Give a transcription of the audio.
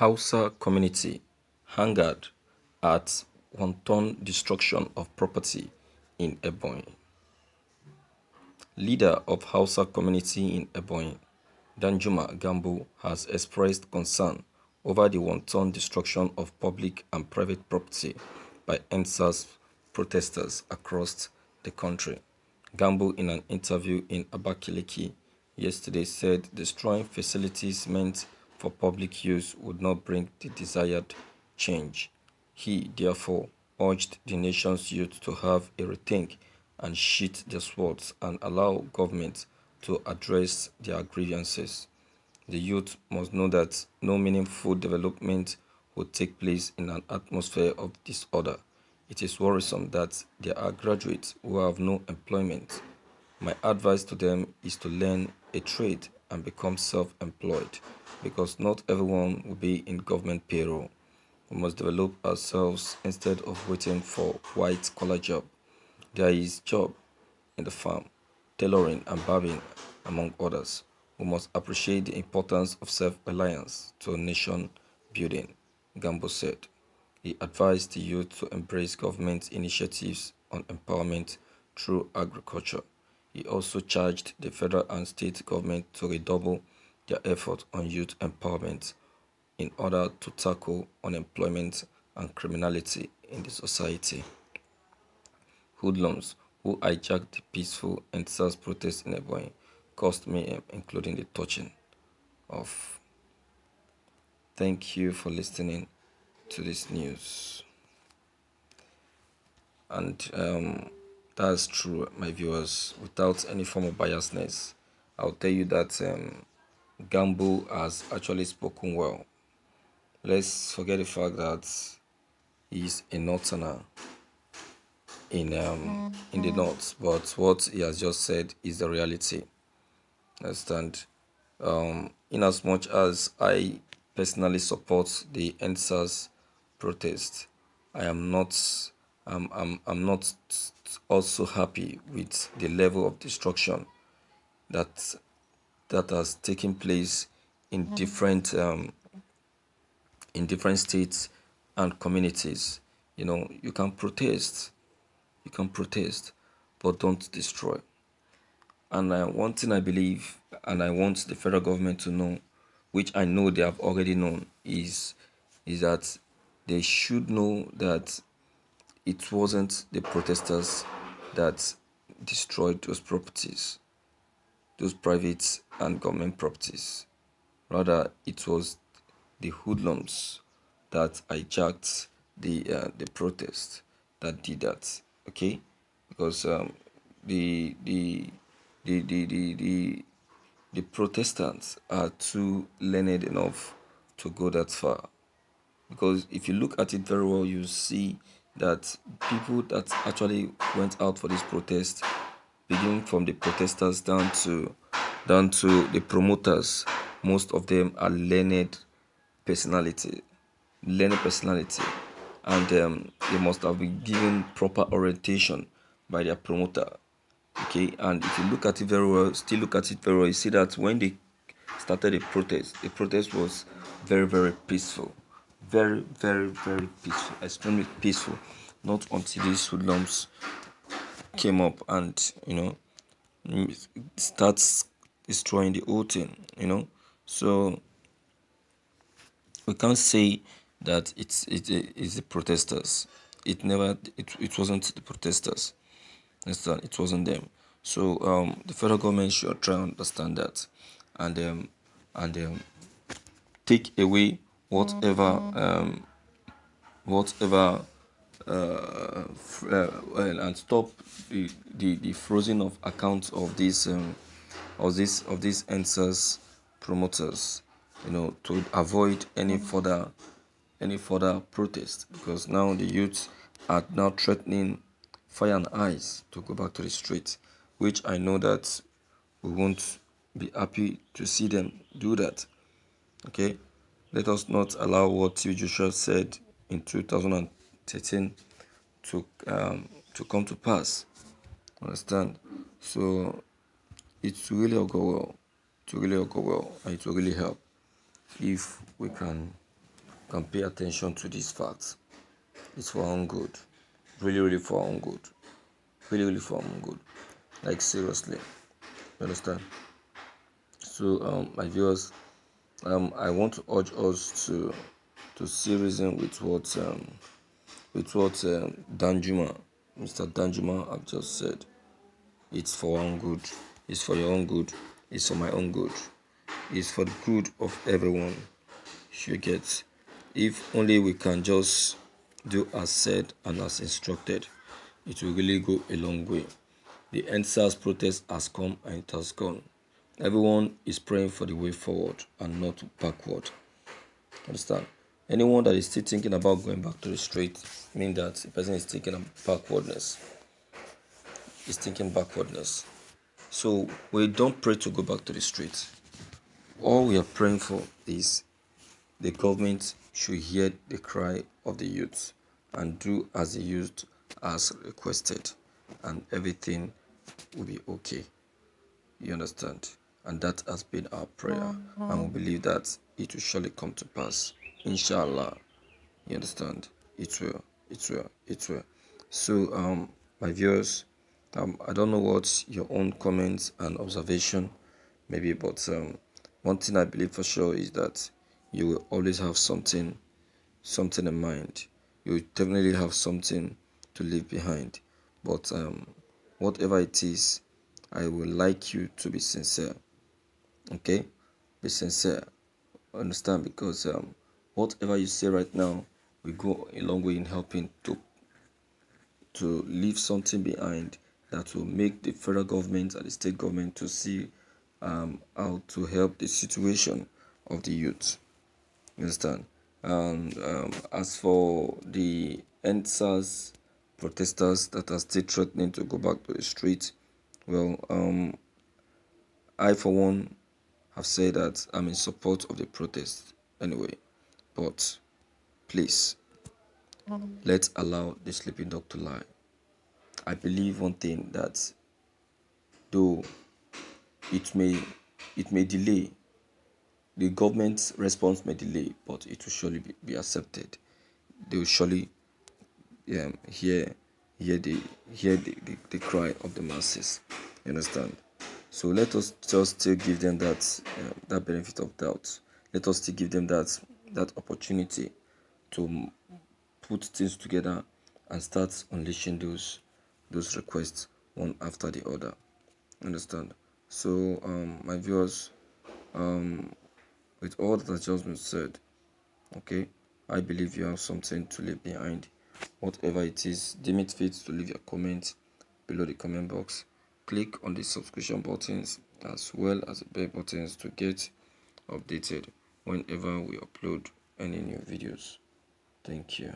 Hausa community angered at wanton destruction of property in Ebony. Leader of Hausa community in Ebony, Danjuma Gambo has expressed concern over the wanton destruction of public and private property by NSAS protesters across the country. Gambo in an interview in Abakiliki yesterday said destroying facilities meant for public use would not bring the desired change. He, therefore, urged the nation's youth to have a rethink and sheet their swords and allow governments to address their grievances. The youth must know that no meaningful development will take place in an atmosphere of disorder. It is worrisome that there are graduates who have no employment. My advice to them is to learn a trade and become self employed because not everyone will be in government payroll. We must develop ourselves instead of waiting for white collar job. There is job in the farm, tailoring and barbing, among others. We must appreciate the importance of self-reliance to nation building, Gambo said. He advised the youth to embrace government initiatives on empowerment through agriculture. He also charged the federal and state government to redouble their efforts on youth empowerment in order to tackle unemployment and criminality in the society. Hoodlums who hijacked the peaceful and SARS protests in Ebonyi caused me, including the torching of. Thank you for listening to this news. And um, that's true, my viewers. Without any form of biasness, I'll tell you that um, Gambo has actually spoken well. Let's forget the fact that he's a northerner in um, in the mm-hmm. north, but what he has just said is the reality. Understand? Um, in as much as I personally support the NSAS protest, I am not I'm, I'm, I'm not also happy with the level of destruction that that has taken place in mm. different um, in different states and communities. You know, you can protest, you can protest, but don't destroy. And I, one thing I believe, and I want the federal government to know, which I know they have already known, is is that they should know that it wasn't the protesters that destroyed those properties, those private and government properties. Rather, it was the hoodlums that hijacked the uh, the protest that did that. Okay, because um, the, the the the the the the protestants are too learned enough to go that far because if you look at it very well you see that people that actually went out for this protest, beginning from the protesters down to down to the promoters, most of them are learned personality, learned personality, and um, they must have been given proper orientation by their promoter. Okay, and if you look at it very well, still look at it very well, you see that when they started the protest, the protest was very very peaceful very, very, very peaceful, extremely peaceful. Not until these hoodlums came up and you know starts destroying the whole thing, you know. So we can't say that it's it is the protesters. It never it, it wasn't the protesters. Understand? It wasn't them. So um, the federal government should try and understand that, and um, and um, take away whatever um, whatever uh, uh, and stop the, the, the frozen of accounts of these um, of this of these answers promoters you know to avoid any further any further protest because now the youths are now threatening fire and ice to go back to the street which i know that we won't be happy to see them do that okay let us not allow what T. Joshua said in 2013 to um, to come to pass. Understand? So it's really will go well. It really will go well, and it will really help if we can can pay attention to these facts. It's for our own good. Really, really for our own good. Really, really for our own good. Like seriously. You understand? So um my viewers um, I want to urge us to to see reason with what um, with what um, Danjuma, Mr. Danjuma, have just said. It's for our own good. It's for your own good. It's for my own good. It's for the good of everyone. You get. If only we can just do as said and as instructed, it will really go a long way. The end protest has come and it has gone. Everyone is praying for the way forward and not backward. Understand? Anyone that is still thinking about going back to the streets means that the person is thinking of backwardness. Is thinking backwardness. So we don't pray to go back to the street. All we are praying for is the government should hear the cry of the youth and do as the youth has requested, and everything will be okay. You understand? And that has been our prayer. And we uh-huh. believe that it will surely come to pass. Inshallah. You understand? It will. It will. It will. So, um, my viewers, um, I don't know what your own comments and observation maybe, but um, one thing I believe for sure is that you will always have something, something in mind. You definitely have something to leave behind. But um, whatever it is, I would like you to be sincere okay be sincere understand because um, whatever you say right now will go a long way in helping to to leave something behind that will make the federal government and the state government to see um, how to help the situation of the youth understand and um, as for the NSAS protesters that are still threatening to go back to the street well um, I for one I've said that I'm in support of the protest anyway, but please let's allow the sleeping dog to lie. I believe one thing that though it may it may delay the government's response may delay, but it will surely be, be accepted. They will surely um, hear hear the hear the, the, the cry of the masses. You understand? So let us just still give them that uh, that benefit of doubt. Let us still give them that that opportunity to put things together and start unleashing those those requests one after the other. Understand? So um, my viewers, um, with all that has just been said, okay, I believe you have something to leave behind. Whatever it is, deem it fit to leave your comment below the comment box click on the subscription buttons as well as the bell buttons to get updated whenever we upload any new videos thank you